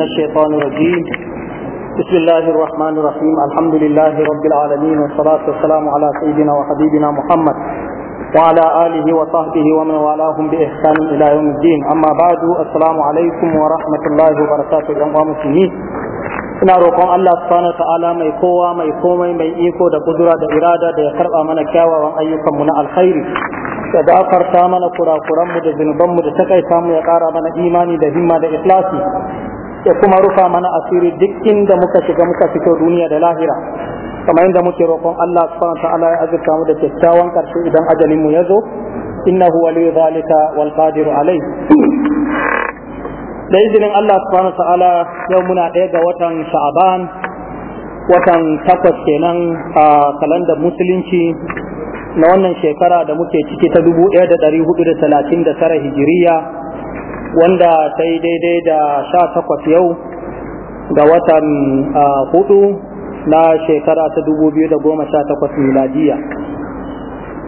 من الشيطان الرجيم بسم الله الرحمن الرحيم الحمد لله رب العالمين والصلاة والسلام على سيدنا وحبيبنا محمد وعلى آله وصحبه ومن والاهم بإحسان إلى يوم الدين أما بعد السلام عليكم ورحمة الله وبركاته جمع مسلمين ina roƙon Allah subhanahu ta'ala mai kowa mai komai mai iko da kudura da irada da ya karɓa mana kyawawan ayyukanmu na alkhairi da gafarta mana kurakuranmu da zunubanmu da takaita mu ya ƙara mana imani da himma da ikhlasi ya kuma rufa mana asiri duk inda muka shiga muka fito duniya da lahira kamar inda muke roƙon Allah subhanahu wa ta'ala ya azurta mu da kyakkyawan karshe idan ajalin mu ya zo innahu waliyu zalika wal qadiru alai. da izinin Allah subhanahu wa ta'ala yau muna ɗaya ga watan sha'aban watan takwas kenan a kalandar musulunci na wannan shekara da muke ciki ta tara hijiriya wanda ta yi daidai da sha takwas yau ga watan hudu na shekara ta dubu biyu da goma sha takwas miladiya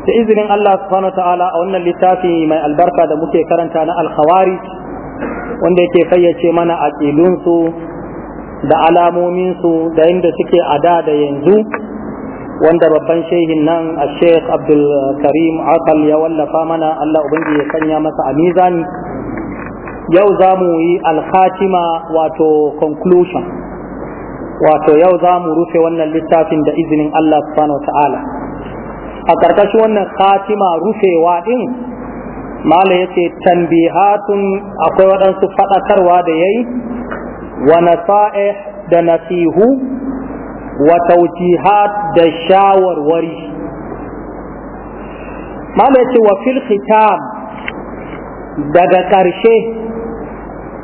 da izinin Allah subhanahu wa ta'ala a wannan littafi mai albarka da muke karanta na alkhawari wanda yake fayyace mana a aƙilunsu da alamominsu da inda suke a da da yanzu wanda babban shehin nan a sheikh Abdulkarim akal ya wallafa mana Allah ubangiji ya sanya masa a mizani yau za mu yi alhatima wato conclusion wato yau za mu rufe wannan littafin da izinin Allah subhanahu wa ta'ala a ƙarƙashin wannan khatima rufewa ɗin mala ya ce tambihatun akwai waɗansu faɗakarwa da ya yi wa nasa'ih da nasihu wa tawjihat da shawarwari mala ya ce wa fil khitam daga ƙarshe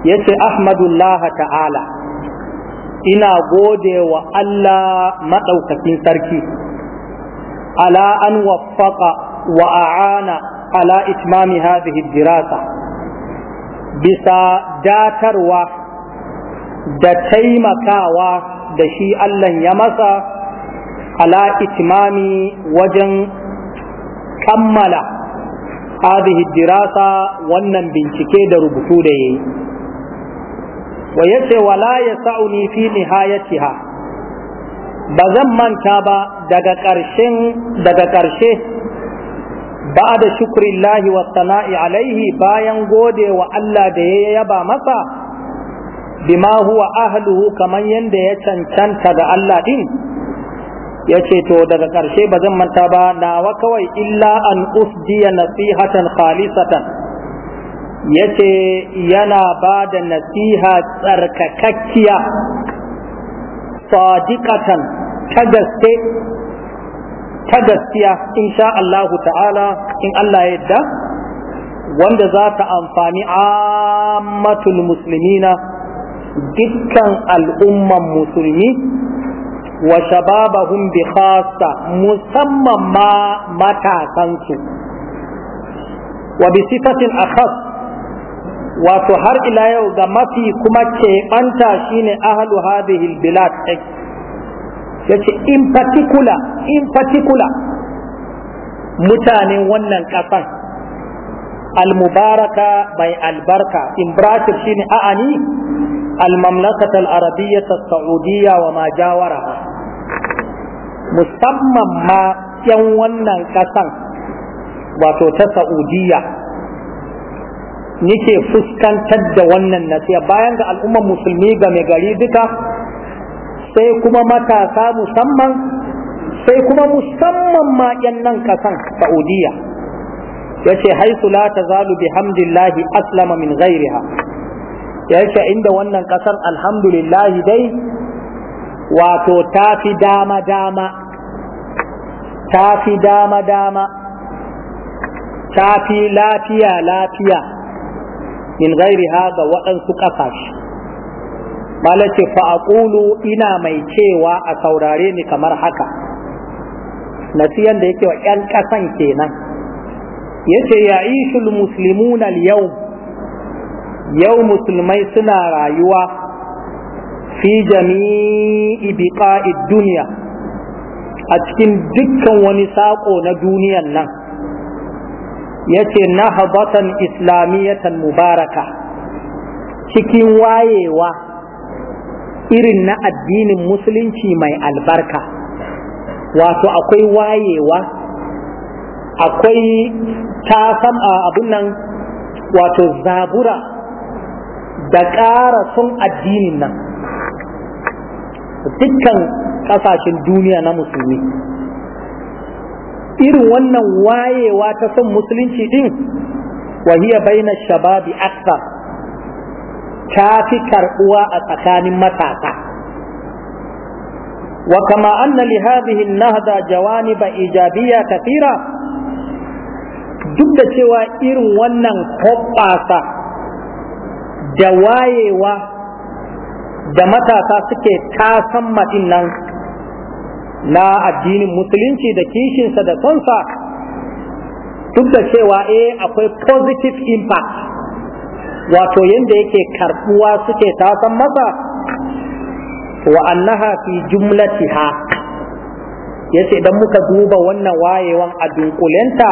yace ahmadullah ta'ala ina gode wa Allah maɗaukakin sarki ala an waffaqa wa a'ana ala itmami hadhihi dirasa bisa datarwa da taimakawa da shi Allah ya masa ala itmami wajen kammala hadhihi dirasa wannan bincike da rubutu da yayi wa yace wala ya sa'uni fi nihayatiha ba zan manta ba daga ƙarshen daga ƙarshe da shukrillahi wa sana'i alaihi bayan gode wa Allah da ya yaba masa bima huwa ahluhu kaman yanda ya cancanta ga Allah din yace to daga ƙarshe ba zan manta ba nawa kawai illa an usdiya nasihatan khalisatan yace yana ba da nasiha tsarkakakkiya sadiqatan ta gaske ta gaskiya insha Allahu ta'ala in Allah ya yadda wanda za ta amfani ammatul muslimina dukkan al'umman musulmi wa shababahum bi khassa musamman ma matasansu wa bi sifatin akhas wato har ila yau ga mafi kuma keɓanta shine ahalu hadihil bilad ɗin ya ce in particular in particular mutanen wannan ƙasan almubaraka mai albarka in bracket shine a'ani المملكة ta Sa'udiyya وما جاورها musamman ma 'yan wannan ƙasan wato ta sa'udiyya nike fuskantar da wannan nasiya bayan ga al'ummar musulmi ga mai gari duka sai kuma matasa musamman sai kuma musamman ma nan kasan saudiya ya ce haisu la ta zalu bi hamdillahi aslama min ghairiha ya ce inda wannan kasan alhamdulillahi dai wato ta fi dama dama ta fi dama dama ta fi lafiya lafiya min ghairi hada waɗansu ƙasashe bala a fa'aqulu ina mai cewa a saurare ni kamar haka nasiyan da yake wa ƴan ƙasan kenan yace ya'ishul muslimuna al-yau yau musulmai suna rayuwa fi jami'i biqa'id duniya a cikin dukkan wani saƙo na duniyan nan ya ce habatan islamiyatan mubaraka cikin wayewa irin na addinin musulunci mai albarka wato akwai wayewa akwai tasan abun nan wato zabura da ƙara sun addinin nan dukkan ƙasashen duniya na musulmi irin wannan wayewa ta son musulunci din wahiya baina shababi akthar ta fi karɓuwa a tsakanin matasa wa kama anna li hadhihi an-nahda jawanib ijabiyya kathira duk da cewa irin wannan hoɓɓasa da wayewa da matasa suke tasan matin nan na addinin musulunci da kishinsa da sonsa duk da cewa eh akwai positive impact wato yadda yake karbuwa suke tasan masa wa annaha fi jumlatiha yace idan muka duba wannan wayewan a dunkulenta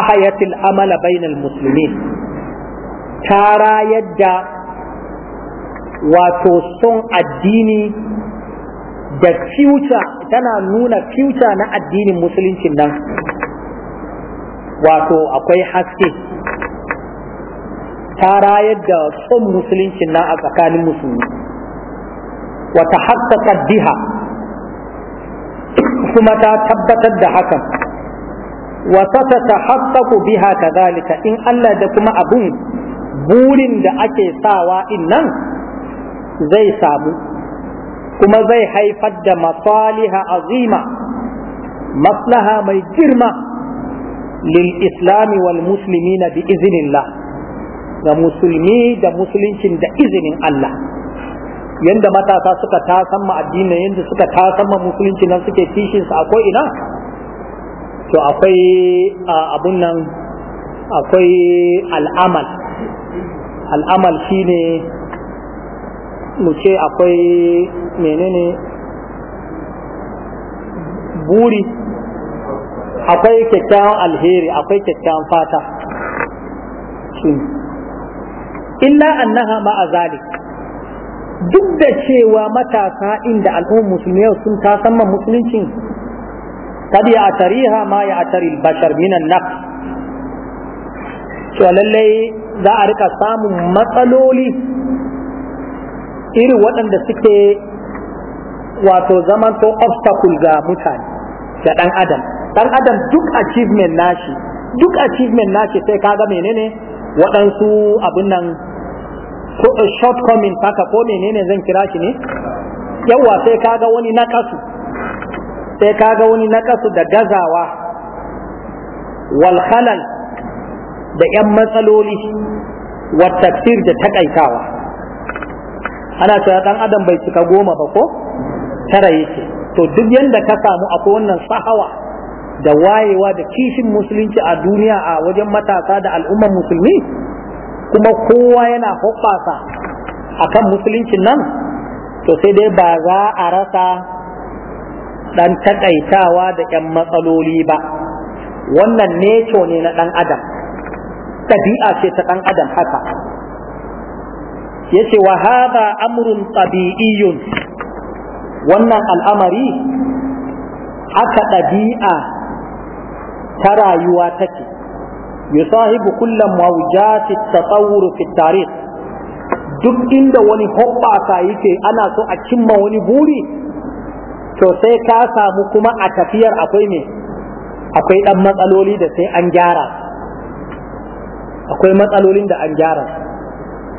ahayatil amala bainal muslimin tara yadda wato son addini da future tana nuna future na addinin musuluncin nan wato akwai haske ta rayar da son musuluncin nan a tsakanin musulmi wata haskaka biha kuma ta tabbatar da hakan wata ta tahaqqaqu biha kazalika in Allah da kuma abun burin da ake sawa innan zai samu kuma zai haifar da masaliha azima maslaha mai girma lil islami musulmi na bi la ga musulmi da musuluncin da izinin Allah yanda matasa suka tasan ma addini yanda suka tasan ma musulunci nan suke kishin su akwai ina to akwai abun nan akwai al'amal al'amal shine mu ce akwai menene buri akwai kyakkyawan alheri akwai kyakkyawan fata illa annaha ma'a zalik duk da cewa matasa inda al'ummar musulmi yau sun tasamman musuluncin kad a atariha ma ya atari bashar minan nafs to lallai za a rika samun matsaloli irin waɗanda suke wato zaman to obstacle ga mutane ga ɗan adam ɗan adam duk achievement nashi duk achievement nashi sai kaga menene waɗansu abin nan ko eh, shortcoming haka ko menene zan kira shi ne yawa sai kaga wani nakasu sai kaga wani nakasu da gazawa walhalal da yan matsaloli wa tafsir da takaitawa ana cewa dan adam bai cika goma ba ko tara yake to duk yanda ka samu akwai wannan sahawa da wayewa da kishin musulunci a duniya a wajen matasa da al'ummar musulmi kuma kowa yana hoɓɓasa akan musuluncin nan to sai dai ba za a rasa dan takaitawa da ƴan matsaloli ba wannan neco ne na ɗan adam ɗabi'a ce ta ɗan adam haka yace wa hadha amrun tabi'iyyun wannan al'amari haka ɗabi'a ta rayuwa take yusahibu kullum mawujati tatawuru fi tarikh duk inda wani hoɓɓasa yake ana so a cimma wani buri to sai ka samu kuma a tafiyar akwai ne akwai ɗan matsaloli da sai an gyara akwai matsalolin da an gyara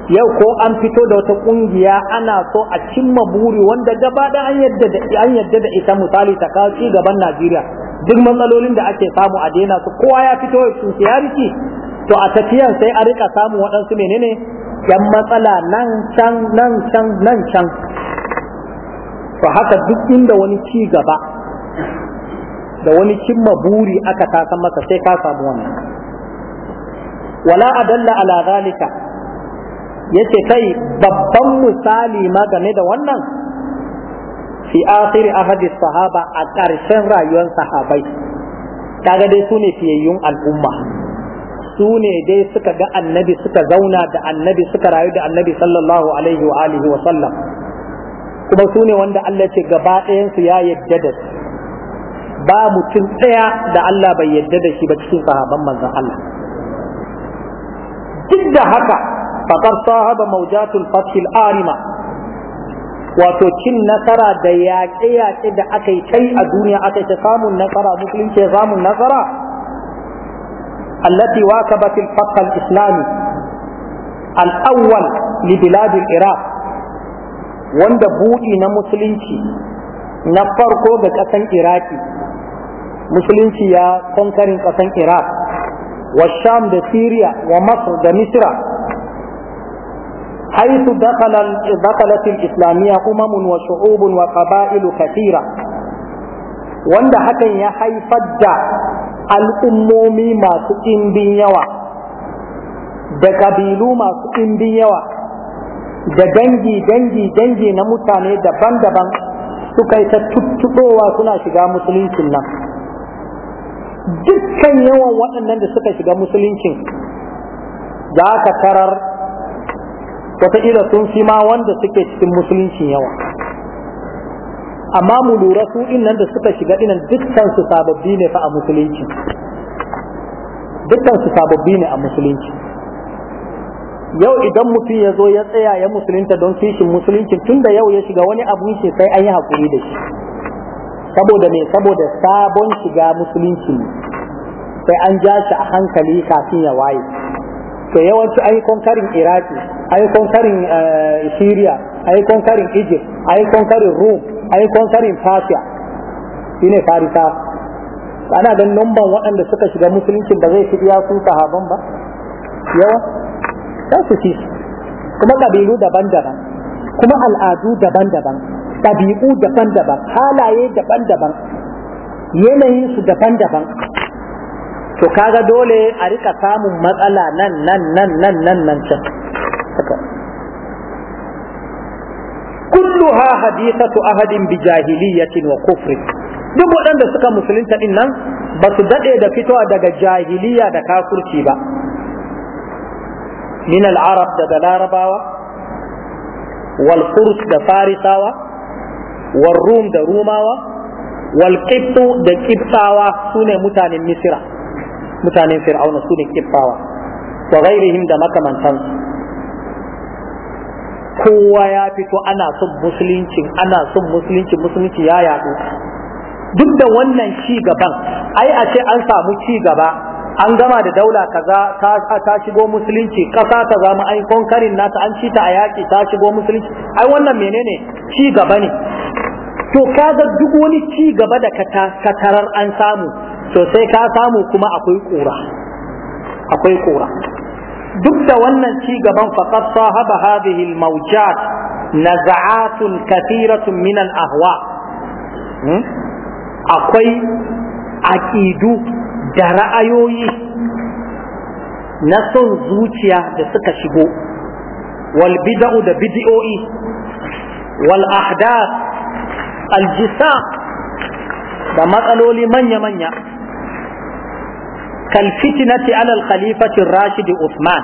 yau ko an fito da wata kungiya ana so a cimma buri wanda gaba da an yadda da an yadda da ita misali ta ci gaban Najeriya duk matsalolin da ake samu a daina su kowa ya fito ya riki to a tafiyan sai a rika samu waɗansu menene yan matsala nan can nan can nan can to haka duk inda wani ci gaba da wani cimma buri aka tasan masa sai ka samu wannan wala adalla ala zalika yace kai babban misali ma da wannan fi akhir ahadi sahaba a ƙarshen rayuwar sahabai kaga dai su ne fiyayyun al'umma su ne dai suka ga annabi suka zauna da annabi suka rayu da annabi sallallahu alaihi wa alihi wa sallam kuma sune wanda Allah ce gaba ɗayansu ya yadda da su ba mutum ɗaya da Allah bai yadda da shi ba cikin sahaban manzon Allah duk da haka faqad sahaba mawjatul fath arima wato cin nasara da yaƙe-yaƙe da aka yi kai a duniya aka yi samun nasara musulunci samun nasara allati wakabat al-fath al-islami al-awwal li bilad iraq wanda buɗi na musulunci na farko ga ƙasan iraki musulunci ya kankarin ƙasan iraq wa sham da syria wa Masar da misra حيث دخل دخلت الإسلامية أمم وشعوب وقبائل كثيرة wanda hakan ya haifar da al'ummomi masu ɗimbin yawa da ƙabilu masu ɗimbin yawa da dangi dangi dangi na mutane daban-daban suka yi ta tuttuɗowa suna shiga musuluncin nan dukkan yawan waɗannan da suka shiga musuluncin za ka tarar wataƙila sun fi ma wanda suke cikin musulunci yawa amma mu lura su nan da suka shiga inan dukkan su sababbi ne fa a musulunci dukkan su sababbi ne a musulunci yau idan mutum ya zo ya tsaya ya musulunta don kishin musulunci tun da yau ya shiga wani abu shi sai an yi haƙuri da shi saboda me saboda sabon shiga musulunci ne sai an ja shi a hankali kafin ya waye to yawanci an karin konkarin iraki an karin konkarin eh, syria an konkarin egypt an karin konkarin rome an karin konkarin fasha shine farisa ana ganin numban waɗanda suka shiga musulunci ba zai shiga su sahaban ba yawa za su ci kuma ƙabilu daban-daban kuma al'adu daban-daban ɗabi'u daban-daban halaye daban-daban yanayin su daban-daban to kaga dole a rika samun matsala nan nan nan nan nan nan can kulluha hadithatu ahadin bi jahiliyatin wa kufri duk waɗanda suka musulunta din nan ba su daɗe da fitowa daga jahiliya da kafurci ba min al-arab daga larabawa wal furs da farisawa wal rum da rumawa wal qibtu da qibtawa sune mutanen misira mutanen fir'auna su ne kifawa wa ghairihim da makamantansu kowa ya fito ana son musulunci ana son musulunci musulunci ya yaɗu duk da wannan ci gaban ai a ce an samu ci gaba an gama da daula kaza ta shigo musulunci kasa ta zama ai konkarin nata an ci ta a yaki ta shigo musulunci ai wannan menene ci gaba ne to kaga duk wani ci gaba da ka tarar an samu to sai ka samu kuma akwai kura akwai kura duk da wannan ci gaban faqad sahaba hadhihi al-mawjat naz'atun kathiratun min al-ahwa hmm? akwai aqidu da ra'ayoyi na son zuciya da suka shigo wal bid'u da bid'o'i wal ahdath al jisa da matsaloli manya-manya kalfitinati alal khalifatin rashidi Usman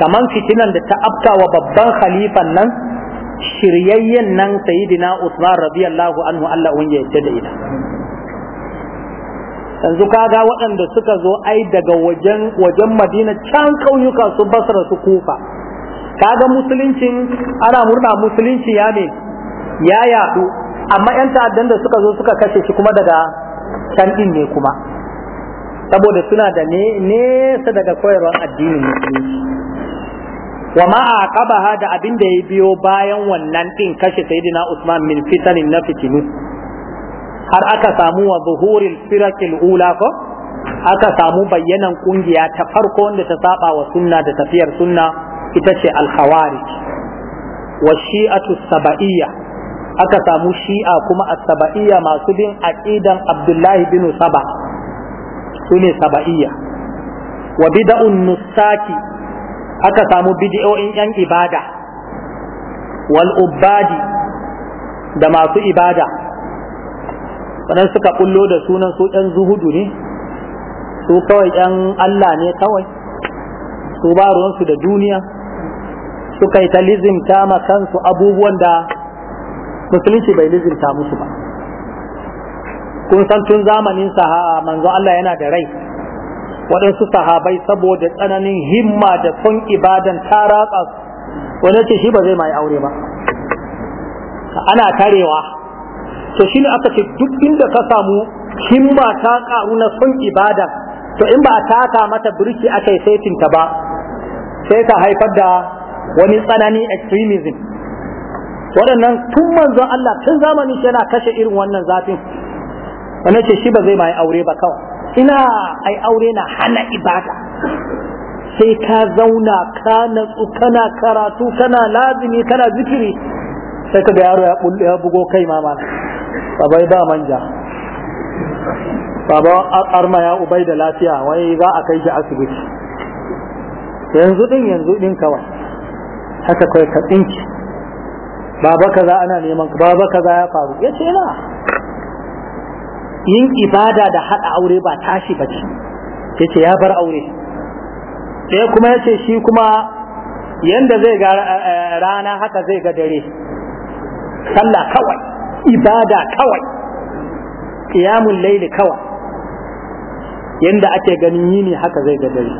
kaman fitinan da ta afka wa babban khalifan nan shiryayyen nan sayidina Usman radiyallahu anhu Allah wanda da ita yanzu kaga waɗanda suka zo ai daga wajen wajen Madina can kauyuka su Basra su Kufa kaga musuluncin ana murna musulunci ya ne ya yadu amma yan ta'addan da suka zo suka kashe shi kuma daga can din ne kuma saboda suna da nesa daga koyarwar addinin musulunci wa ma aqabaha da abin da ya biyo bayan wannan din kashe sayyidina Usman min fitanin na fitinu har aka samu wa zuhuril firakil ula ko aka samu bayyanan kungiya ta farko wanda ta saba wa sunna da tafiyar sunna ita ce al wa shi'atu saba'iyya aka samu shi'a kuma as-saba'iyya masu bin aqidan Abdullahi bin Saba su ne saba'iyya wa bida'un nusaki aka samu bid'o'in yan ibada wal ubadi, da masu ibada sannan suka kullo da sunan su yan zuhudu ne su kawai yan Allah ne kawai su ba da duniya suka yi ta lizimta ma kansu abubuwan da musulunci bai lizimta musu ba kun san tun zamanin sahaba manzo Allah yana da rai waɗansu sahabai saboda tsananin himma da son ibadan ta ratsa wani ce shi ba zai mai aure ba ana tarewa to shi ne aka ce duk inda ka samu himma ta karu na son ibada to in ba a taka mata birki aka yi saitinta ba sai ta haifar da wani tsanani extremism waɗannan tun manzon Allah tun zamanin shi yana kashe irin wannan zafin wani ce shi ba zai ma aure ba kawai ina ai aure na hana ibada sai ka zauna ka natsu kana karatu kana lazimi kana zikiri sai ka ga yaro ya bugo kai mama baba babai ba manja baba arma ya ubai da lafiya wai za a kai shi asibiti yanzu din yanzu din kawai haka kai ka tsinki baba kaza ana neman baba kaza ya faru ya ce na yin ibada da haɗa aure ba tashi ba ce ya ce ya bar aure sai kuma ya ce shi kuma yanda zai ga eh, rana haka zai ga dare sallah kawai ibada kawai qiyamul layli kawai yanda ake ganin yini haka zai ga dare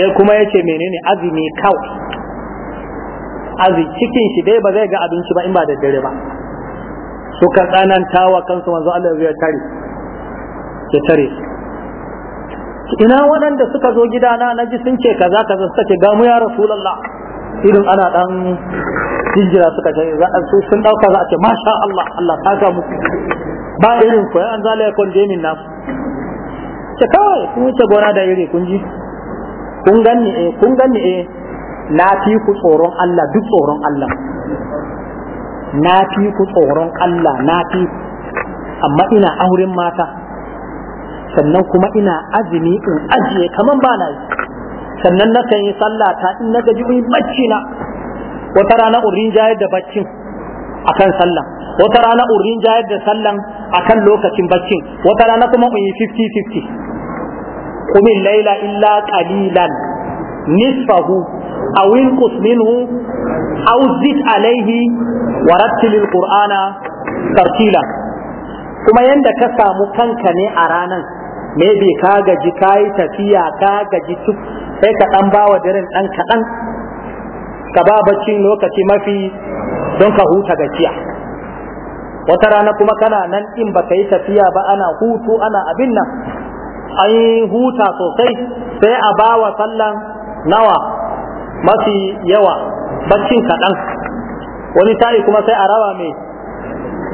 dai kuma yace menene azumi kawai azumi cikin shi dai ba zai ga abinci ba in ba da dare ba suka tsananta wa kansu manzo Allah ya tare ya tare ina waɗanda suka zo gidana na ji sun ce kaza kaza suka ce ga mu ya rasulullah irin ana dan hijira suka ce sun dauka za a ce masha Allah Allah ta ga mu ba irin ku an zale ya konde min nasu ce kawai kun wuce gona da iri kun ji kun ganni eh kun ganni eh na fi ku tsoron Allah duk tsoron Allah na fi ku tsoron Allah na fi amma ina auren mata sannan kuma ina azumi in ajiye kaman ba na yi sannan na kan yi sallah ta in na gaji mai bacci na wata rana urin jayar da baccin akan sallah wata rana urin jayar da sallan akan lokacin baccin wata rana kuma in yi 50 50 kuma Laila illa قليلا nisfahu a انقص منه أو زد alaihi. rattilil qur'ana tartila kuma yanda ka samu kanka ne a ranan maybe ka gaji kayi tafiya ka gaji tuk sai ka dan bawa daren dan kadan ka ba bacci lokaci mafi don ka huta gaciya wata rana kuma kana nan in baka yi tafiya ba ana hutu ana abin nan an huta sosai sai a bawa sallan nawa mafi yawa baccin kaɗan wani tari kuma sai a rawa mai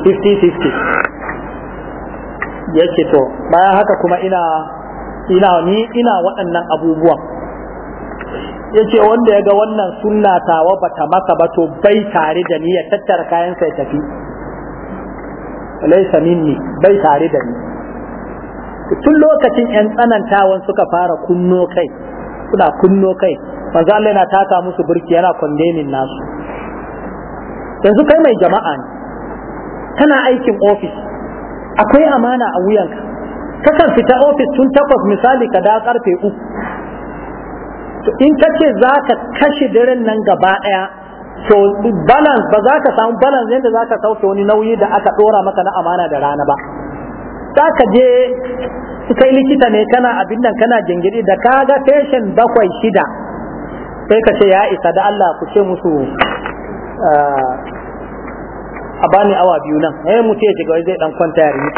50-50 ya ce to bayan haka kuma ina ina ni ina waɗannan abubuwan ya ce wanda ya ga wannan sunnatawa tawa ba ta masa ba to bai tare da ni ya tattara kayan sai tafi laisa minni bai tare da ni tun lokacin yan tsanantawan suka fara kunno kai suna kunno kai manzo Allah yana taka musu burki yana kondemin nasu yanzu kai mai jama'a ne kana aikin ofis akwai amana a wuyanka kakan fita ofis tun takwas misali ka da karfe uku in ka ce za ka kashe daren nan gaba ɗaya so balance ba za ka samu balance yadda za ka sauke wani nauyi da aka ɗora maka na amana da rana ba za ka je kai likita ne kana abin nan kana jingiri da ka ga bakwai shida sai ka ce ya isa da Allah ku ce musu Ah, a bani awa biyu nan eh mu ce shiga zai dan kwanta ya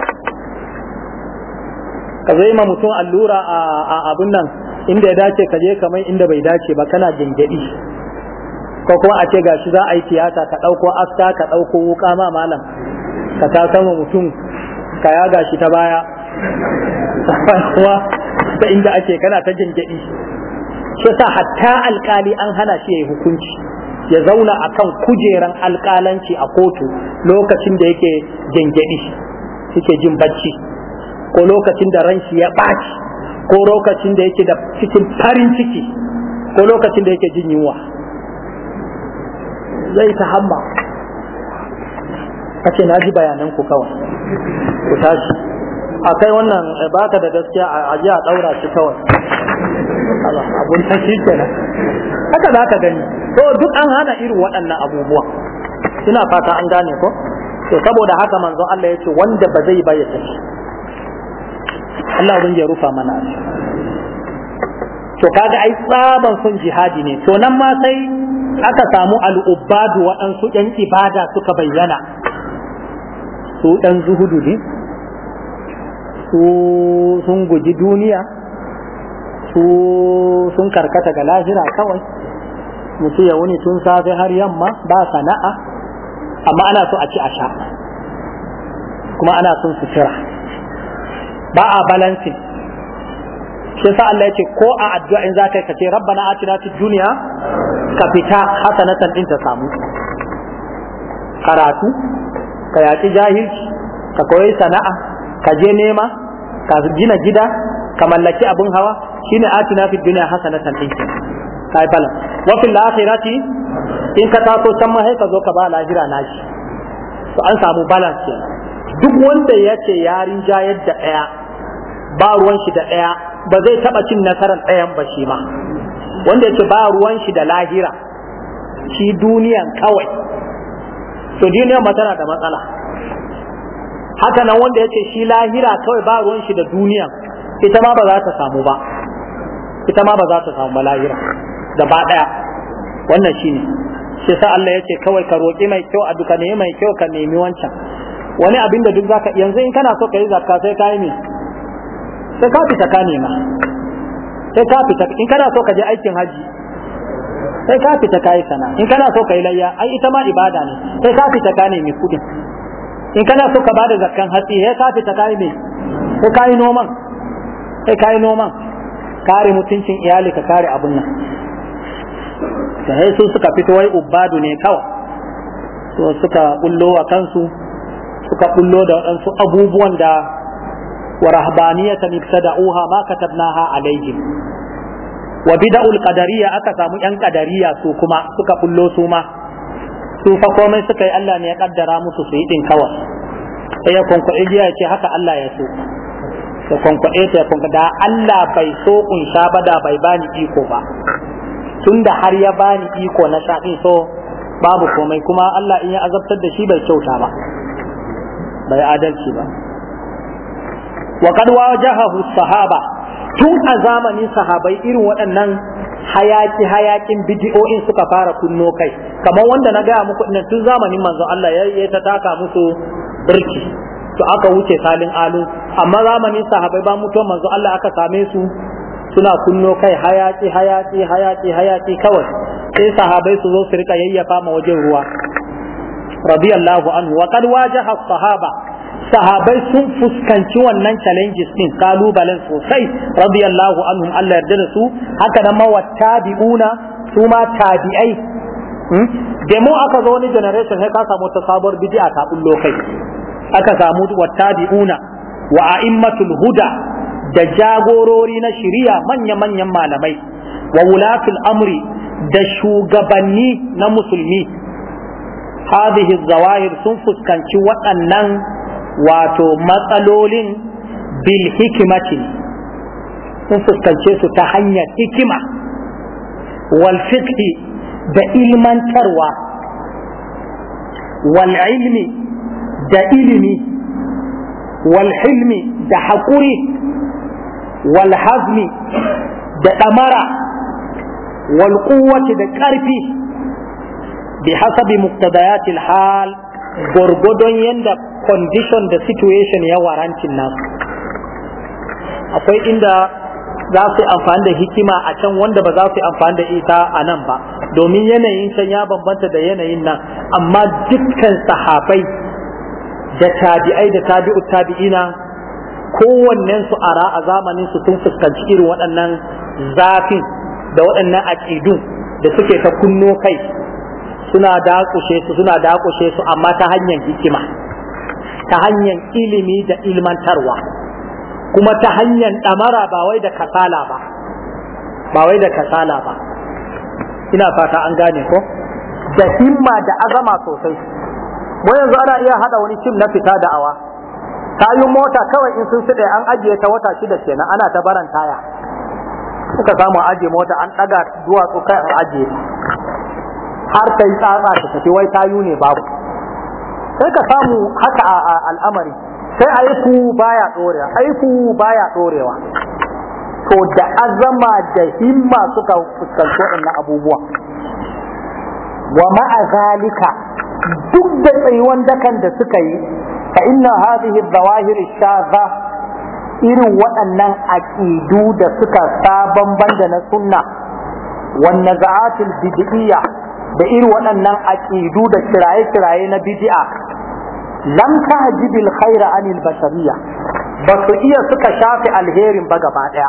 ka zai ma mutum allura a abun nan inda ya dace ka je kamar inda bai dace ba kana gengedi ko kuma a ce gashi za a yi tiyata ka ɗauko aska ka ɗauko wuka ma malam ka ta sama mutum ka ya gashi ta baya kuma ta inda ake kana ta gengedi shi sa hatta alkali an hana shi ya yi hukunci ya zauna akan kujeran alƙalanci a kotu lokacin da yake gyangyaɗi yake jin bacci ko lokacin da ranshi ya ɓaci ko lokacin da yake da cikin farin ciki ko lokacin da yake jin yunwa zai ta hamma ce na ji bayanan ku kawai ku tashi a kai wannan eh, baka da gaskiya a ji a ɗaura shi kawai abun ta shi kenan haka za ka gani to duk an hana irin waɗannan abubuwa ina fata an gane ko to saboda haka manzo Allah ya ce wanda ba zai baya tafi Allah ya rufa mana to kaga ai tsaban sun jihadi ne to nan ma sai aka samu al'ubbadu waɗansu ‘yan ibada suka bayyana su ɗan zuhudu ne su sun guji duniya su sun karkata ga lahira kawai mutu ya wuni tun safe har yamma ba sana'a amma ana so a ci a sha kuma ana son sutura ba a balansin shi sa Allah yake ko a addu'a in zakai ka ce rabbana atina fid dunya ka fita hasanatan din ta samu karatu ka yaci jahil ka koyi sana'a ka je nema ka gina gida ka mallaki abun hawa shine atina fid dunya hasanatan din kai bala wa fil akhirati in ka taso can mai ka zo ka ba lahira nashi to an samu balance kenan duk wanda ya ce ya yadda da ɗaya ba ruwan shi da ɗaya ba zai taɓa cin nasarar ɗayan ba shi ma wanda ya ce ba ruwan shi da lahira shi duniyan kawai to duniyan ma tana da matsala haka nan wanda ya ce shi lahira kawai ba ruwan shi da duniyan ita ma ba za ta samu ba ita ma ba za ta samu ba lahira gaba daya wannan ne shi sa Allah ya ce kawai ka roƙi mai kyau a duka ne mai kyau ka nemi wancan wani abin da duk zaka yanzu in kana so ka yi zakka sai ka yi ne sai ka fita ka nema sai ka fita in kana so ka je aikin haji sai ka fita ka yi sana in kana so ka yi layya ai ita ma ibada ne sai ka fita ka nemi kudin in kana so ka bada zakkan hatsi sai ka fita ka yi ne sai ka yi noman sai ka yi noman kare mutuncin iyali ka kare abun nan sai su suka fito wai ubadu ne kawa, so suka bullo wa kansu suka bullo da waɗansu abubuwan da wa rahbaniyatan ibtada'uha ma katabnaha alaihim wa bid'ul qadariyya aka samu yan qadariyya su kuma suka bullo su ma su fa komai suka yi Allah ne ya kaddara musu su yi din kawa sai ya kwankwaɗe jiya ya ce haka Allah ya so ya kwankwaɗe ta ya da Allah bai so kunsha ba da bai bani iko ba tunda har ya bani iko na sha so babu komai kuma Allah in ya azabtar da shi bai kyauta ba bai adalci ba wa kad wajahahu sahaba tun a zamanin sahabai irin waɗannan hayaki hayakin bidiyoyin suka fara kunno kai kamar wanda na gaya muku ɗin tun zamanin manzo Allah ya ta taka musu birki to aka wuce salin alu amma zamanin sahabai ba mutuwar manzo Allah aka same su suna kunno kai hayaki hayaki hayaki hayaki kawai sai sahabai su zo su rika yayyafa ma wajen ruwa radiyallahu anhu wa qad wajaha sahaba sahabai sun fuskanci wannan challenges din kalubalen sosai radiyallahu anhum Allah yarda da su haka nan mawattabi'una su ma tabi'ai hmm? da mu aka zo wani generation sai ka samu ta sabuwar bid'a ta bullo kai aka samu wattabi'una wa a'immatul huda da jagorori na shiriya manya-manyan malamai wa wulatul amri da shugabanni na musulmi hadhihi zawahir sun fuskanci waɗannan wato matsalolin bil hikimati sun fuskance su ta hanyar hikima wal fiqhi da ilmantarwa wal ilmi da ilimi wal hilmi da haƙuri Walhazmi da ɗamara wal quwwati da karfi bi hasabi muqtadayatil hal yanda condition da situation ya warancin nan. akwai inda za su amfani da hikima a can wanda ba za su amfani da ita a nan ba domin yanayin can ya bambanta da yanayin nan amma dukkan sahabai da tabi'ai da tabi'u tabi'ina kowannen su ara a zamanin su sun fuskanci irin waɗannan zafin da waɗannan aƙidu da suke ta kunno kai suna dakushe su suna dakushe su amma ta hanyar hikima ta hanyar ilimi da ilmantarwa kuma ta hanyar ɗamara ba wai da kasala ba ba wai da kasala ba ina fata an gane ko da himma da azama sosai wai yanzu ana iya hada wani cin na fita da awa tayun mota kawai in sun suɗe an ajiye ta wata shida kenan ana ta baran taya suka samu ajiye mota an ɗaga duwatsu kai an ajiye har ta tsatsa ta tafi wai tayu ne babu sai ka samu haka a al'amari sai aiku baya ɗorewa aiku baya ɗorewa to da azama da himma suka fuskanci wannan abubuwa wa ma'a zalika duk da tsayuwan dakan da suka yi A inna hadhihi adh-dhawahir ash-shadha irin waɗannan aqidu da suka sabon banda na sunna wan nazaatil bid'iyya da irin waɗannan aƙidu da kiraye-kiraye na bid'a lam tahjibil khaira anil bashariyya ba su iya suka shafi alherin ba gaba daya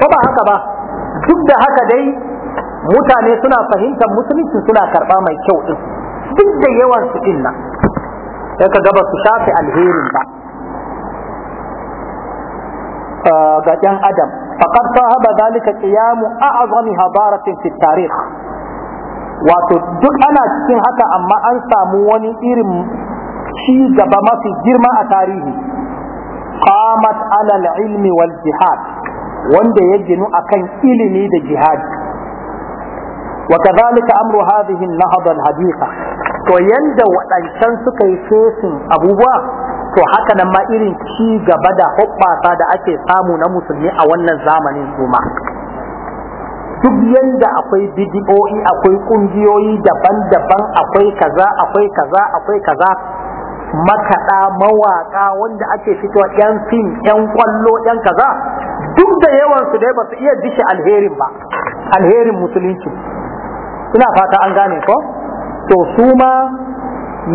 ko ba haka ba duk da haka dai mutane suna fahimtar musulunci suna karba mai kyau din duk da yawansu su nan sai ka gaba su shafi alherin ba ah, ga ɗan adam faƙar ta haɓa zalika ƙiyamu a azami habaratin fi tarih wato duk ana cikin haka amma an samu wani irin ci gaba mafi girma a tarihi qamat alal ilmi wal jihad wanda ya ginu akan ilimi da jihad وكذلك أمر هذه النهضة الحديثة to yanda waɗancan suka yi fesin abubuwa to haka nan ma irin ci gaba da hoɓɓasa da ake samu na musulmi a wannan zamanin kuma duk yanda akwai bidiyoyi akwai ƙungiyoyi daban-daban akwai kaza akwai kaza akwai kaza makaɗa mawaƙa wanda ake fitowa ƴan fim ƴan kwallo, ƴan kaza duk da yawan su dai ba su iya dishe alherin ba alherin musulunci ina fata an gane ko to suma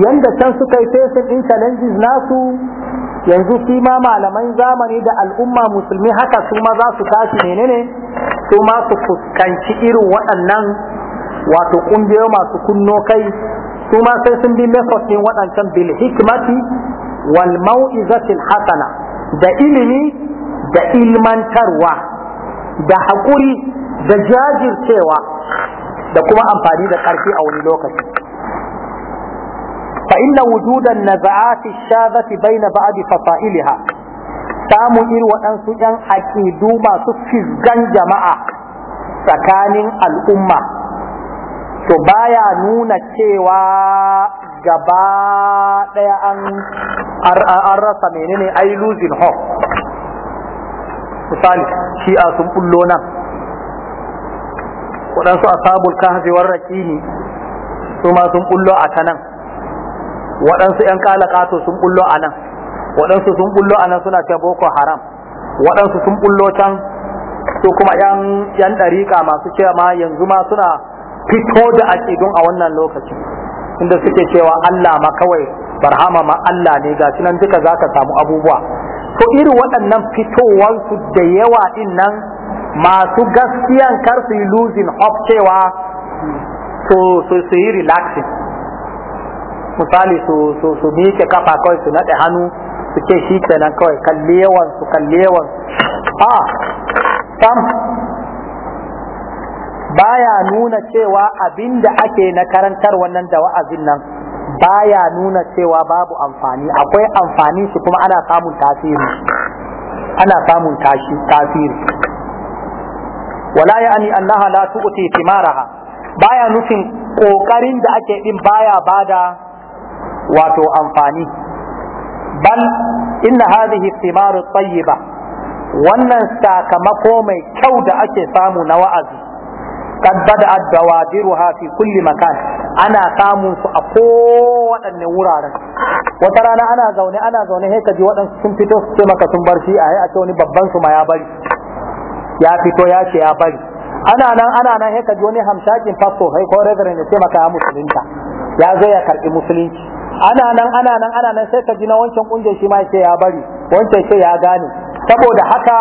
yanda can suka yi fesin ɗin challenges nasu yanzu shi ma malaman zamani da al'umma musulmi haka su ma za su tashi menene su ma su fuskanci irin waɗannan wato ƙungiyoyi masu kunno kai su ma sai sun bi method ɗin waɗancan bil hikmati wal mau'izatil hasana da ilimi da ilmantarwa da haƙuri da jajircewa da kuma amfani da ƙarfi a wani lokaci فإن وجود النزعات الشاذة بين بعض فصائلها samu irin waɗansu ‘yan aƙidu masu fizgan jama'a tsakanin al'umma, to baya nuna cewa gaba ɗaya an rasa menene ai losing hope. Misali, a sun bullo nan, waɗansu a asabul kahfi warraki ne, su ma sun bullo a ta nan. waɗansu 'yan kalakato sun bullo a nan waɗansu sun bullo a nan suna ce boko haram waɗansu sun bullo can su kuma 'yan ɗariƙa masu ce ma yanzu ma suna fito da aƙidun a wannan lokacin inda suke cewa Allah ma kawai barhama ma Allah ne ga nan duka za ka samu abubuwa to irin waɗannan fitowarsu da yawa ɗin nan masu gaskiyan kar su yi losing hope cewa su yi relaxing misali su su su miƙe kafa kawai su naɗe hannu su ce shi kenan kawai kalli yawan su yawan a sam baya nuna cewa abinda ake na karantar wannan da wa'azin nan baya nuna cewa babu amfani akwai amfani shi kuma ana samun tasiri ana samun tasiri wala ya'ani annaha la tu'ti thimaraha baya nufin kokarin da ake din baya bada wato amfani bal inna hadhihi thimaru tayyiba wannan sakamako mai kyau da ake samu na wa'azi kad bada'at dawadiruha fi kulli makan ana samun su a kowaɗanne wuraren wata rana ana zaune ana zaune sai kaji waɗansu sun fito su ce maka sun bar shi a a ce wani babban su ma ya bari ya fito ya ce ya bari ana nan ana nan sai kaji wani hamshakin fasto sai ko reverend ya ce maka ya musulunta ya zo ya karɓi musulunci ana nan ana nan ana nan sai ka ji na wancan kungiyar shi ma ce ya bari wancan ce ya gane saboda haka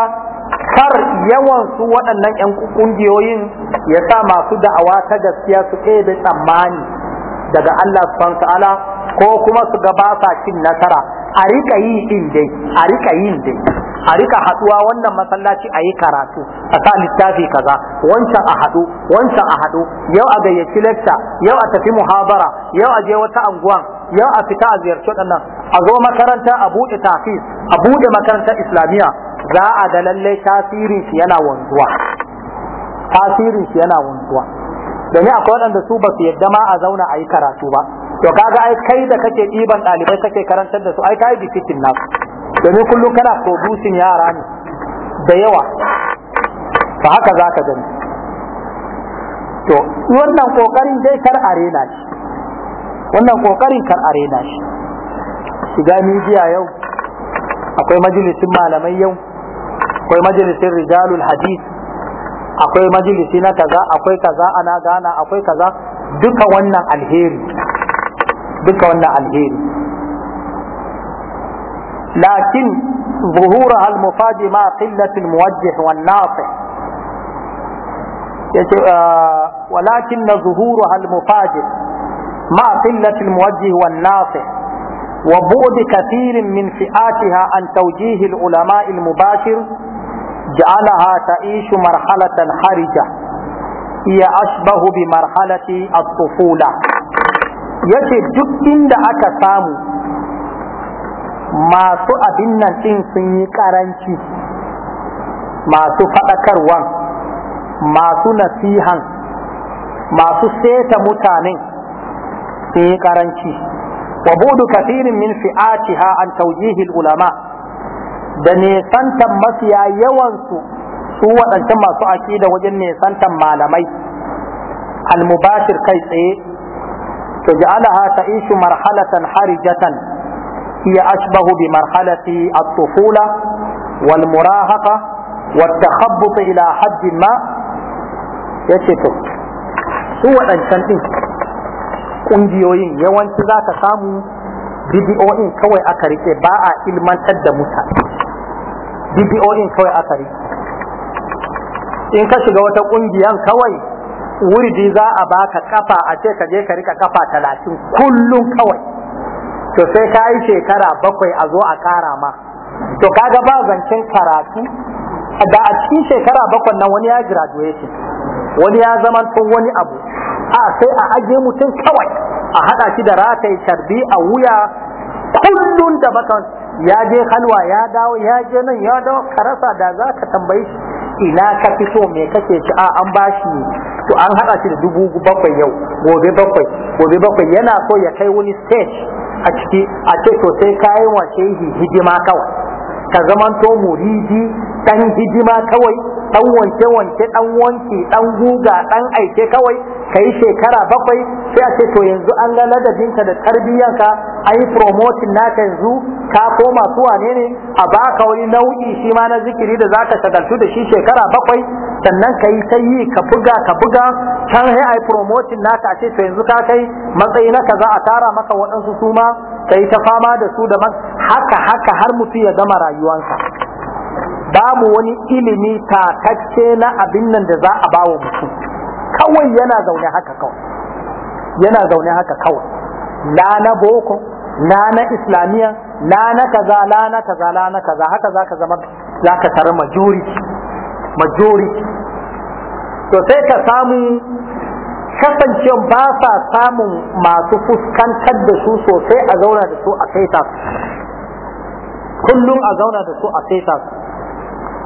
kar yawan su waɗannan yan kungiyoyin ya sa masu da'awa ta gaskiya su ɗebe tsammani daga Allah subhanahu ko kuma su ga ba sa cin nasara a rika yi din dai a rika yin dai a rika haduwa wannan masallaci a yi karatu a sa littafi kaza wancan a hadu wancan a hadu yau a gayyaci lecture yau a tafi muhabara yau a je wata anguwa yau a fita a ziyarci waɗannan a zo makaranta a buɗe tafi a bude makarantar islamiyya za a ga lallai tasirin shi yana wanzuwa tasirin shi yana wanzuwa domin akwai waɗanda su ba su yadda ma a zauna a yi karatu ba to kaga ai kai da kake ɗiban ɗalibai kake karantar da su ai kai bifitin nasu domin kullum kana producing yara ne da yawa ba haka za ka gani to wannan kokarin dai kar arena shi wannan kokarin kar arena shi shiga media yau akwai majalisin malamai yau akwai majalisin rijalul hadith akwai majalisi na kaza akwai kaza ana gana akwai kaza duka wannan alheri duka wannan alheri lakin ظهورها المفاجئ مع قلة الموجه والناصح آه، ولكن ظهورها المفاجئ مع قلة الموجه والناصح وبعد كثير من فئاتها عن توجيه العلماء المباشر جعلها تعيش مرحلة حرجة هي أشبه بمرحلة الطفولة yace duk inda aka samu masu abin nan ɗin sun yi ƙaranci masu faɗakarwan masu nasihan masu seta mutanen sun yi ƙaranci wa budu kafirin min ha an taujihil ulama da nesantan mafiya yawansu su waɗancan masu aƙida wajen nesantan malamai al kai tsaye تجعلها تعيش مرحلة حرجة هي أشبه بمرحلة الطفولة والمراهقة والتخبط إلى حد ما يشتو هو الإنسان ƙungiyoyin yawanci za ka samu bidiyoyin kawai aka rike ba a ilmantar da mutane bidiyoyin kawai aka rike in ka shiga wata ƙungiyan kawai wurdi za a baka kafa a ce ka je ka rika kafa talatin kullum kawai to sai ka yi shekara bakwai a zo a kara ma to kaga ba zancen karatu da a cikin shekara bakwai nan wani ya graduation wani ya zama tun wani abu a sai a aje mutum kawai a hada shi da rakai, sharbi a wuya kullum da baka ya je halwa ya dawo ya je nan ya dawo karasa da za ka tambaye shi Na ka fito me kake ci a an bashi to an haɗa shi da dubu bakwai yau gobe bakwai gobe bakwai yana so ya kai wani stage a ciki a ce to sai kayan wa shehi hidima kawai ka zamanto muridi dan hidima kawai dan wanke wanke dan wanke, dan guga dan aike kawai kai shekara bakwai sai a ce to yanzu an ga ladabinka da tarbiyyanka an yi promotion naka yanzu ka koma su wane ne a baka wani nau'i shi ma na zikiri da zaka shagaltu da shi shekara bakwai sannan ka yi ta yi ka buga ka buga can sai ai promotion naka a ce to yanzu ka kai matsayi na kaza a tara maka waɗansu su ma ka yi ta fama da su da haka haka har mutu ya gama rayuwansa babu wani ilimi takakke na abin nan da za a ba wa mutum kawai yana zaune haka kawai yana zaune haka kawai la na boko Na na islamiyya na na kaza la na kaza la na kaza haka za ka zama za ka tare majority majority to sai ka samu kasancewa ba sa samun masu fuskantar da su sosai a zauna da su a ta kullum a zauna da su a ta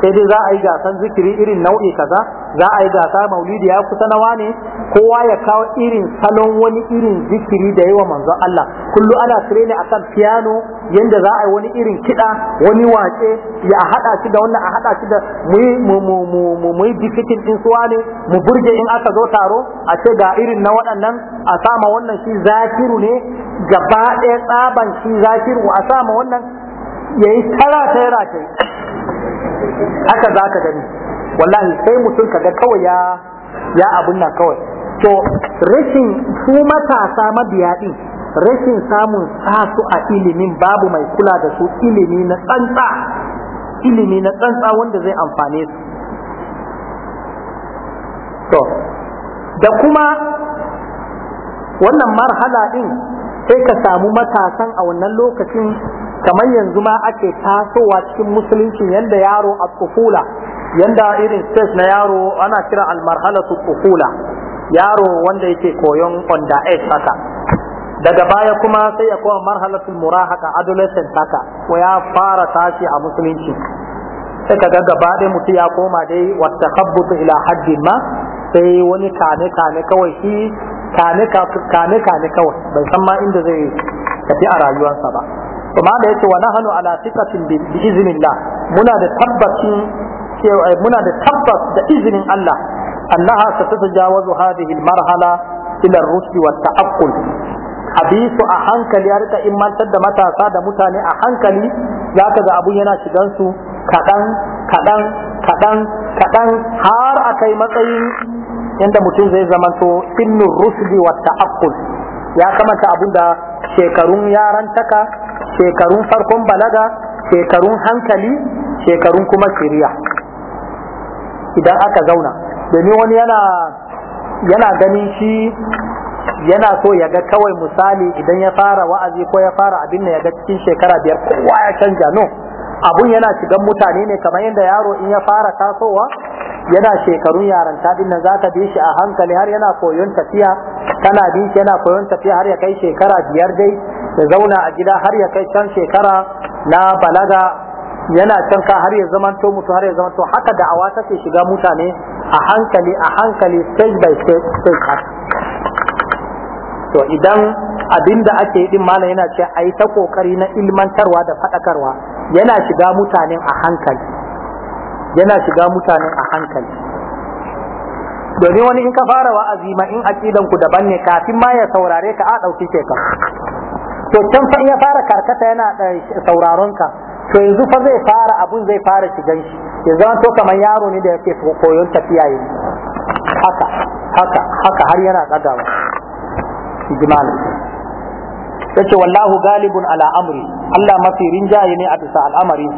sai dai za a yi gasan zikiri irin nau'i kaza za a yi gasa maulidi ya kusa nawa ne kowa ya kawo irin salon wani irin zikiri da yawa manzo Allah kullu ana ne akan piano yanda za a yi wani irin kida wani wace ya hada shi da wannan a hada shi da mu mu mu mu dikitin din suwa ne mu burge in aka zo taro a ce ga irin na waɗannan a sama wannan shi zakiru ne gaba ɗaya tsaban shi zakiru a sama wannan yayi tara tara kai haka za ka gani wallahi sai mutum ka ga kawai ya ya abun nan kawai to rashin su matasa mabiya din rashin samun sasu a ilimin babu mai kula da su ilimi na tsantsa ilimi na tsantsa wanda zai amfane su to da kuma wannan marhala ɗin sai ka samu matasan a wannan lokacin kamar yanzu ma ake tasowa cikin musulunci yanda yaro a tsufula yanda irin stage na yaro ana kira almarhalatu tsufula yaro wanda yake koyon under age haka daga baya kuma sai ya koma mura haka adolescent haka ko ya fara tashi a musulunci sai kaga gaba ɗaya mutum ya koma dai wata kabbutu ila hajji ma sai wani kane kane kawai shi kane kane kawai bai san ma inda zai tafi a rayuwarsa ba kuma da yace wa nahnu ala thiqatin bi iznillah muna da tabbacin eh, muna da tabbas da izinin Allah annaha satatajawazu hadhihi almarhala ila ar-rushd wa at-ta'aqqul abisu a hankali ya rika imantar da matasa da mutane a hankali zaka ga abun yana shigan su kaɗan, kaɗan, kaɗan, kaɗan, har kai matsayin yadda mutum zai zamanto sinnur rushd wa taaqqul ya kamata abunda shekarun yarantaka shekarun farkon balaga shekarun hankali shekarun kuma shiriya idan aka zauna domin wani yana yana ganin shi yana so ya ga kawai misali idan ya fara wa'azi ko ya fara abin da ya ga cikin shekara biyar kowa ya canja no abun yana shigan mutane ne kamar yadda yaro in ya fara tasowa yana shekarun yaran din nan zaka bi shi a hankali har yana koyon tafiya kana bi yana koyon tafiya har ya kai shekara biyar dai ya zauna a gida har ya kai can shekara na balaga yana can ka har ya zama to mutu har ya zama to haka da awa take shiga mutane a hankali a hankali stage by stage to idan abinda ake yi din malam yana ce ai ta kokari na ilmantarwa da faɗakarwa yana shiga mutanen a hankali yana shiga mutanen a hankali domin wani in ka fara wa'azi ma in aqidan ku daban ne kafin ma ya saurare ka a ɗauki ke ka to can fa ya fara karkata yana sauraron ka to yanzu fa zai fara abun zai fara shigan shi ya zama to kamar yaro ne da yake koyon tafiya yi. haka haka haka har yana tsagawa ijmal yace wallahu galibun ala amri Allah mafi rinjaye ne a bisa al'amari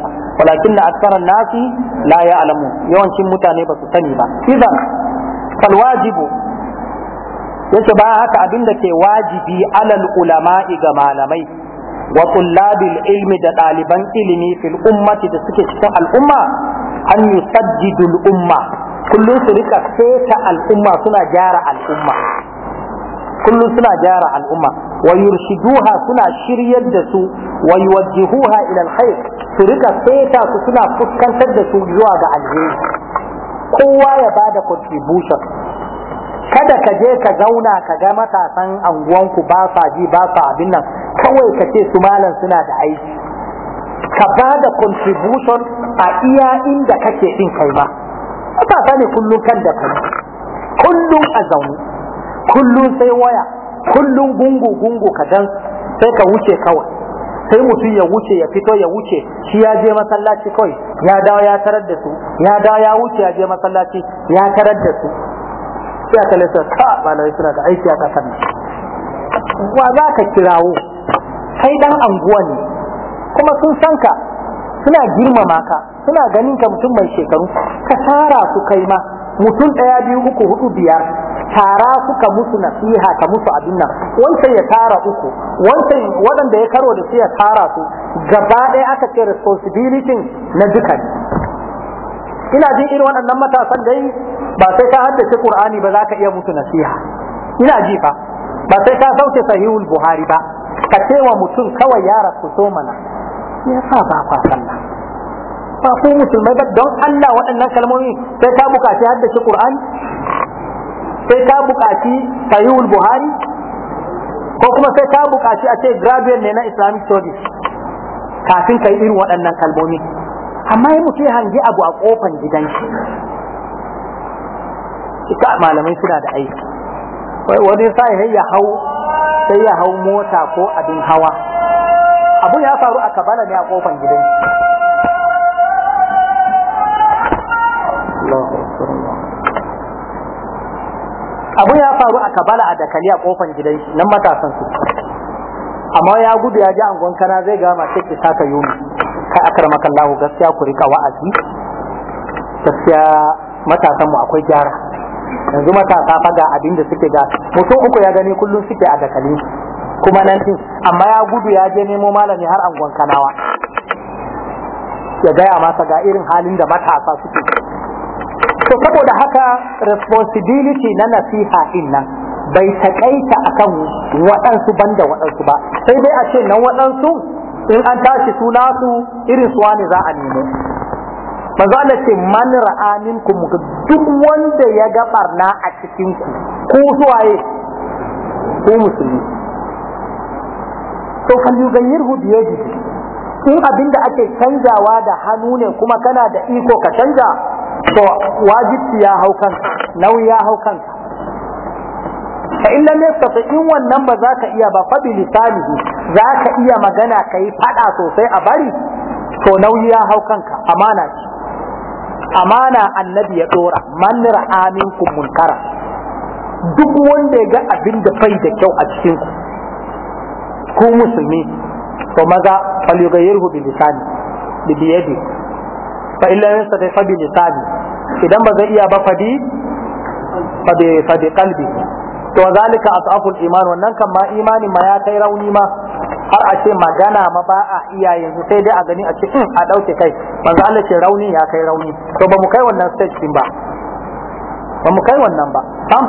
walakin na aksaran nasi la alamu yawancin mutane ba su sani ba idan fal wajibu yace ba haka abin da ke wajibi alal ulama'i ga malamai wa tullabil ilmi da ɗaliban ilimi fil ummati da suke cikin al'umma an yusajjidul umma kullum su rika seta al'umma suna gyara al'umma kullum suna gyara al'umma wa yurshiduha suna shiryar da su wa yuwajjihuha ila alkhair su rika seta su suna fuskantar da su zuwa ga alheri kowa ya bada contribution kada ka je ka zauna ka ga matasan anguwanku ba sa ji ba sa abin nan kawai ka ce su malam suna da aiki ka ba da contribution a iya inda kake din kai ba matasa ne kullum kan da kai kullum a zaune kullum sai waya kullum gungu gungu ka dan sai ka wuce kawai sai mutum ya wuce ya fito ya wuce shi ya je masallaci kawai ya dawo ya tarar da su ya dawo ya wuce ya je masallaci ya tarar da su sai aka lissa ka malamai suna da aiki a kasar nan wa za ka kirawo kai dan anguwa ne kuma sun san ka suna girmama ka suna ganin ka mutum mai shekaru ka tara su kai ma mutum ɗaya biyu uku hudu biyar tara su ka musu nasiha ka musu abin nan wancan ya tara uku wancan waɗanda ya karo da su ya tara su gaba ɗaya aka ce responsibility na duka ina jin irin waɗannan matasan dai ba sai ka haddace qur'ani ba za ka iya mutu nasiha ina ji fa ba sai ka sauke sahihul buhari ba ka ce wa mutum kawai ya rasu so mana ya sa ba kwa sallah ba ku musulmai ba don Allah waɗannan kalmomi sai ka buƙaci haddace qur'ani sai ka buƙaci sahihul buhari ko kuma sai ka buƙaci a ce graduate ne na islamic studies kafin ka yi irin waɗannan kalmomi amma ya mutu ya hangi abu a ƙofan gidan shi ita malamai suna da aiki wani sai sai ya hau sai ya hau mota ko abin hawa abu ya faru a kabala ne a kofar gidan abu ya faru a kabala a dakali a kofar gidan shi nan matasan su amma ya gudu ya ji angon kana zai gama take ki saka yumi kai Allah gaskiya ku rika wa'azi gaskiya matasanmu akwai gyara yanzu matasa fa ga abin da suke ga mutum uku ya gani kullum suke a dakali kuma nan din amma ya gudu ya je nemo malami har angon kanawa ya gaya masa ga irin halin da matasa suke to saboda haka responsibility na nasiha din nan bai takaita akan waɗansu banda waɗansu ba sai dai a ce nan waɗansu in an tashi suna su irin suwa ne za a nemo manzo Allah ce man ra'a minkum duk wanda ya ga barna a cikin ku ko suwaye ku musulmi to kan yughayyirhu bi yadihi in abinda ake canjawa da hannu ne kuma kana da iko ka canja to wajibi ya hau kan, nauyi ya hau fa in lam yastati in wannan ba za ka iya ba fa bi lisanihi za ka iya magana kai fada sosai a bari to nauyi ya hau kanka amana ce amana annabi ya dora man ra'a minkum munkara duk wanda ya ga abin da bai da kyau a cikin ku ku musulmi to maza falyughayyirhu bi lisani bi yadi fa illa yastati fa bi lisani idan ba zai iya ba fa bi fa bi fa bi qalbi to zalika asaful iman wannan kan ma imanin ma ya kai rauni ma har a ce magana ma ba a iya yanzu sai dai a gani a ce in hmm, a ɗauke kai manzo Allah ce rauni ya kai rauni to ba mu kai wannan stage din ba ba mu kai wannan ba tam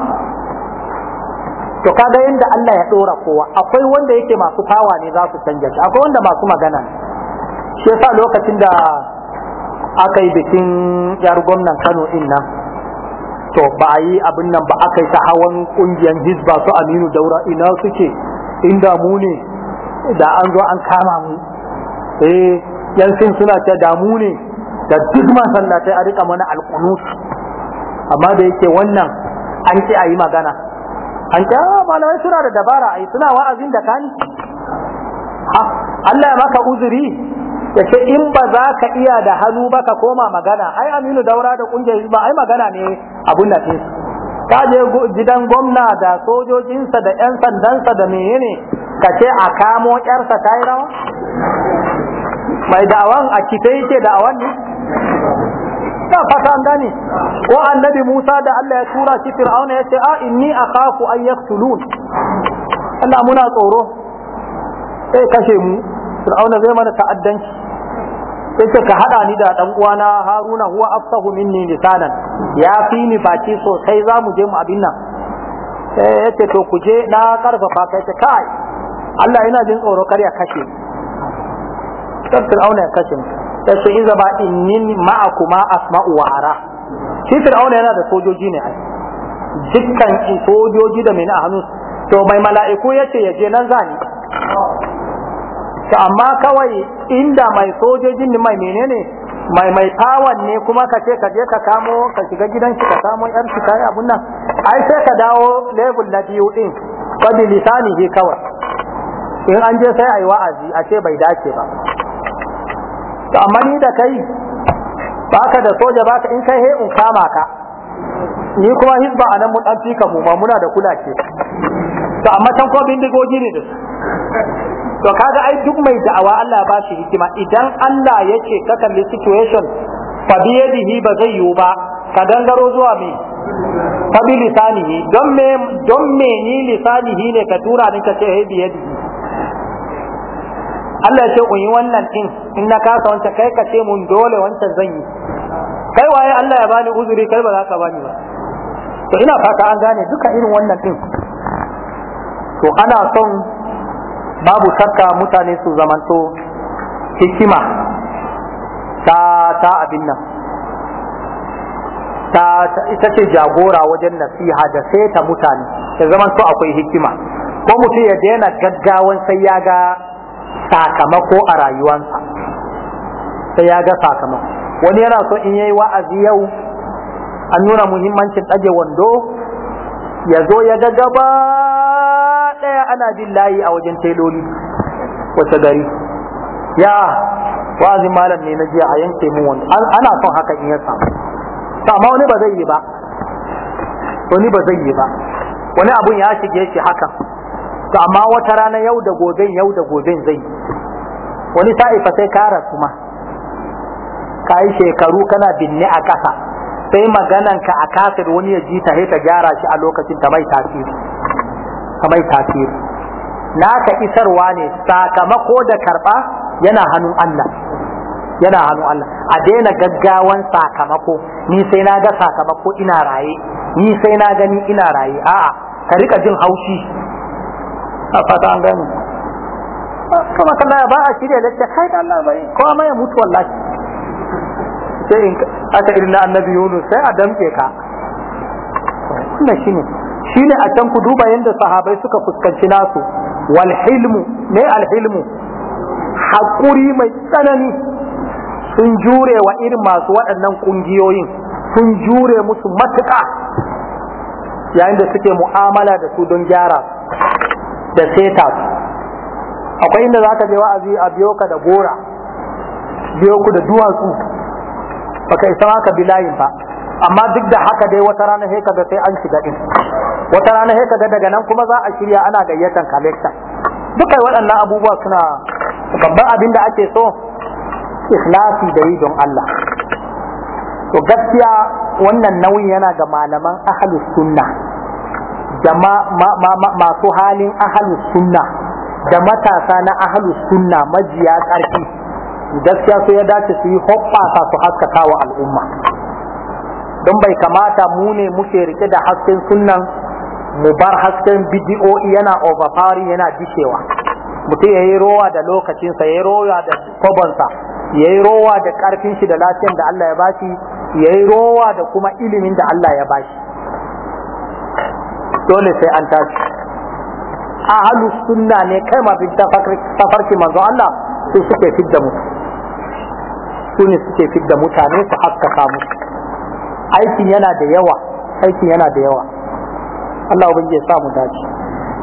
to kaga yanda Allah ya dora kowa akwai wanda yake masu fawa ne za su canja shi akwai wanda masu magana shi yasa lokacin da aka yi bikin yar gwamnan Kano din nan to ba a yi abin nan ba aka yi ta hawan kungiyar Hizba su Aminu Daura ina suke inda mu ne da an zo an kama mu eh yan sun suna ta damu ne da duk ta a rika mana alqunus amma da yake wannan an ki ayi magana an ki ah malamai suna da dabara ayi suna wa'azin da kani Allah ya maka uzuri ya ce in ba za ka iya da hannu ba ka koma magana ai aminu daura da kungiyar ba ai magana ne abun da ta je gidan gwamna da sojojinsa da 'yan sandansa da menene ka ce a kamo ƴarsa ta yi rawa mai da'awan a kife yake da'awan ne na fata an gani? ko annabi Musa da Allah ya tura shi Fir'auna ya ce a inni akhafu an yaqtulun Allah muna tsoro sai kashe mu Fir'auna zai mana ta'addanci sai ce ka haɗa ni da ɗan uwana Haruna huwa afsahu minni lisanan ya fi ni baki sosai za mu je mu abin nan sai ya ce to ku je na karfafa kai ta kai Allah yana jin tsoro kar ya kashe kan fir'auna ya kashe ta ce iza ba innin ma'akuma asma'u wa ara shi fir'auna yana da sojoji ne ai dukkan sojoji da mena a hannu to mai mala'iku ya ce ya je nan zani to amma kawai inda mai sojojin mai menene mai mai fawon ne kuma ka ce ka je ka kamo ka shiga gidan shi ka kamo yar shi kai abun nan ai sai ka dawo level na biyu din fadi lisanihi kawai in an je sai a yi wa'azi a ce bai dace ba to amma ni da kai baka da soja baka in kai hei in kama ka ni kuma hizba a nan mutan dan fika ma muna da kula ce to amma can ko bindigogi ne da to kaga ai duk mai da'awa Allah ba shi hikima idan Allah ya ce ka kalli situation fa bi yadihi ba zai yiwu ba ka dangaro zuwa me fa bi lisanihi don me don ni lisanihi ne ka tura ni ka ce he bi yadihi Allah ya ce ku yi wannan din in na kasa wancan kai ka ce mun dole wancan zan yi kai waye Allah ya bani uzuri kai ba za ka bani ba to ina fata an gane duka irin wannan din to ana son babu sarka mutane su zamanto hikima ta ta abin nan ta ita ce jagora wajen nasiha da sai ta mutane ya zamanto akwai hikima ko mutum ya daina gaggawan sai ya ga sakamako a rayuwansa sai ya ga sakamako wani yana so in yayi wa'azi yau an nuna muhimmancin ɗage wando ya zo ya ga gaba ɗaya ana jin layi a wajen teloli wace gari ya wa'azin malam ne na jiya a yanke mu wani ana son haka in ya samu amma wani ba zai yi ba wani ba zai yi ba wani abun ya shige shi hakan to amma wata rana yau da gobe yau da gobe zai wani sa'i fa sai ka rasu ma ka yi shekaru kana binne a ƙasa sai maganan ka a kafir wani ya ji ta ta gyara shi a lokacin ta mai tasiri ta mai tasiri ka isarwa ne sakamako da karba yana hannun Allah yana hannun Allah a daina gaggawan sakamako ni sai na ga sakamako ina raye ni sai na gani ina raye a'a ka rika jin haushi a fata an gani kuma kalla ba a shirya lafiya kai da Allah bai ko amma ya mutu wallahi sai in aka irin annabi Yunus sai a damke ka wannan shine shine a can ku duba yanda sahabai suka fuskanci nasu wal hilmu ne al hilmu hakuri mai tsanani sun jure wa irin masu waɗannan kungiyoyin sun jure musu matuƙa yayin da suke mu'amala da su don gyara su da seta akwai inda za ka je wa'azi a biyo ka da gora biyo ku da duwatsu baka isa ka bi layin ba amma duk da haka dai wata rana sai ga sai an shiga din wata rana sai ga daga nan kuma za a shirya ana gayyatan collector duka waɗannan abubuwa suna babban abin da ake so ikhlasi da yi don Allah to gaskiya wannan nauyi yana ga malaman ahlus sunna da masu halin ahalus sunna da matasa na ahalus sunna majiya ƙarfi gaskiya su ya dace su yi hoɓɓasa su haskaka wa al'umma don bai kamata mu ne muke rike da hasken sunnan mu bar hasken bidiyo yana overpowering yana dishewa mutum ya yi rowa da lokacinsa ya yi rowa da kobansa ya yi rowa da karfin shi da lafiyan da Allah ya bashi ya yi rowa da kuma ilimin da Allah ya bashi dole sai an tashi halu sunna ne kai ma mafi tafarki manzo Allah su suke fidda mu su ne suke fidda mutane su haskaka mu aikin yana da yawa aikin yana da yawa Allah ubangiji ya sa mu dace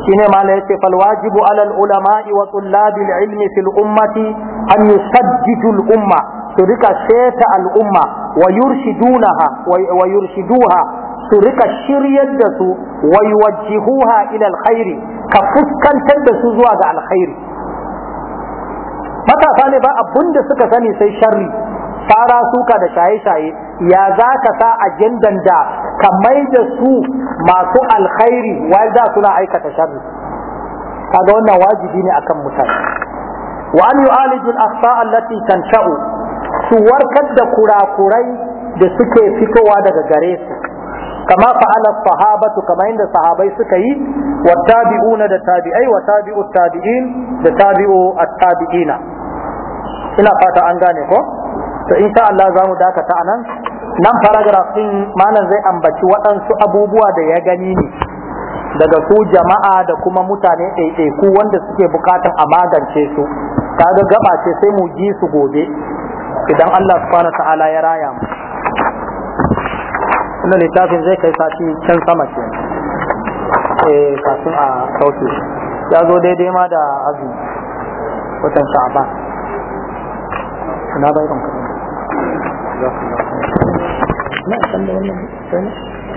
shine mala yace fal wajibu ala al ulama'i wa tullabi ilmi fil ummati an yusaddidu al umma su rika sheta al umma wa yurshidunaha wa yurshiduha su rika shiryar da su wa yuwajjihuha ila alkhairi ka fuskantar da su zuwa ga alkhairi matasa ne ba abun da suka sani sai sharri fara suka da shaye-shaye ya za ka sa ajendan da ka mai da su masu alkhairi wai za suna aikata sharri kaga wajibi ne akan mutane wa an yu'aliju al-akhta allati tansha'u su warkar da kurakurai da suke fitowa daga gare su kama fa'ala sahabatu kama inda sahabai suka yi wa tabi'una da tabi'ai wa tabi'u tabi'in da tabi'u at-tabi'ina ina fata an gane ko to insha Allah zamu dakata anan nan paragraph din malam zai ambaci waɗansu abubuwa da ya gani ne daga su jama'a da kuma mutane ɗaiɗaiku wanda suke bukatan a magance su kaga gaba ce sai mu ji su gobe idan Allah subhanahu ta'ala ya raya mu na littafin zai kai sati can sama ke eh kafin a sauke ya zo daidai ma da azumi watan sha'aba na bai ɗan kuɗi na san da wannan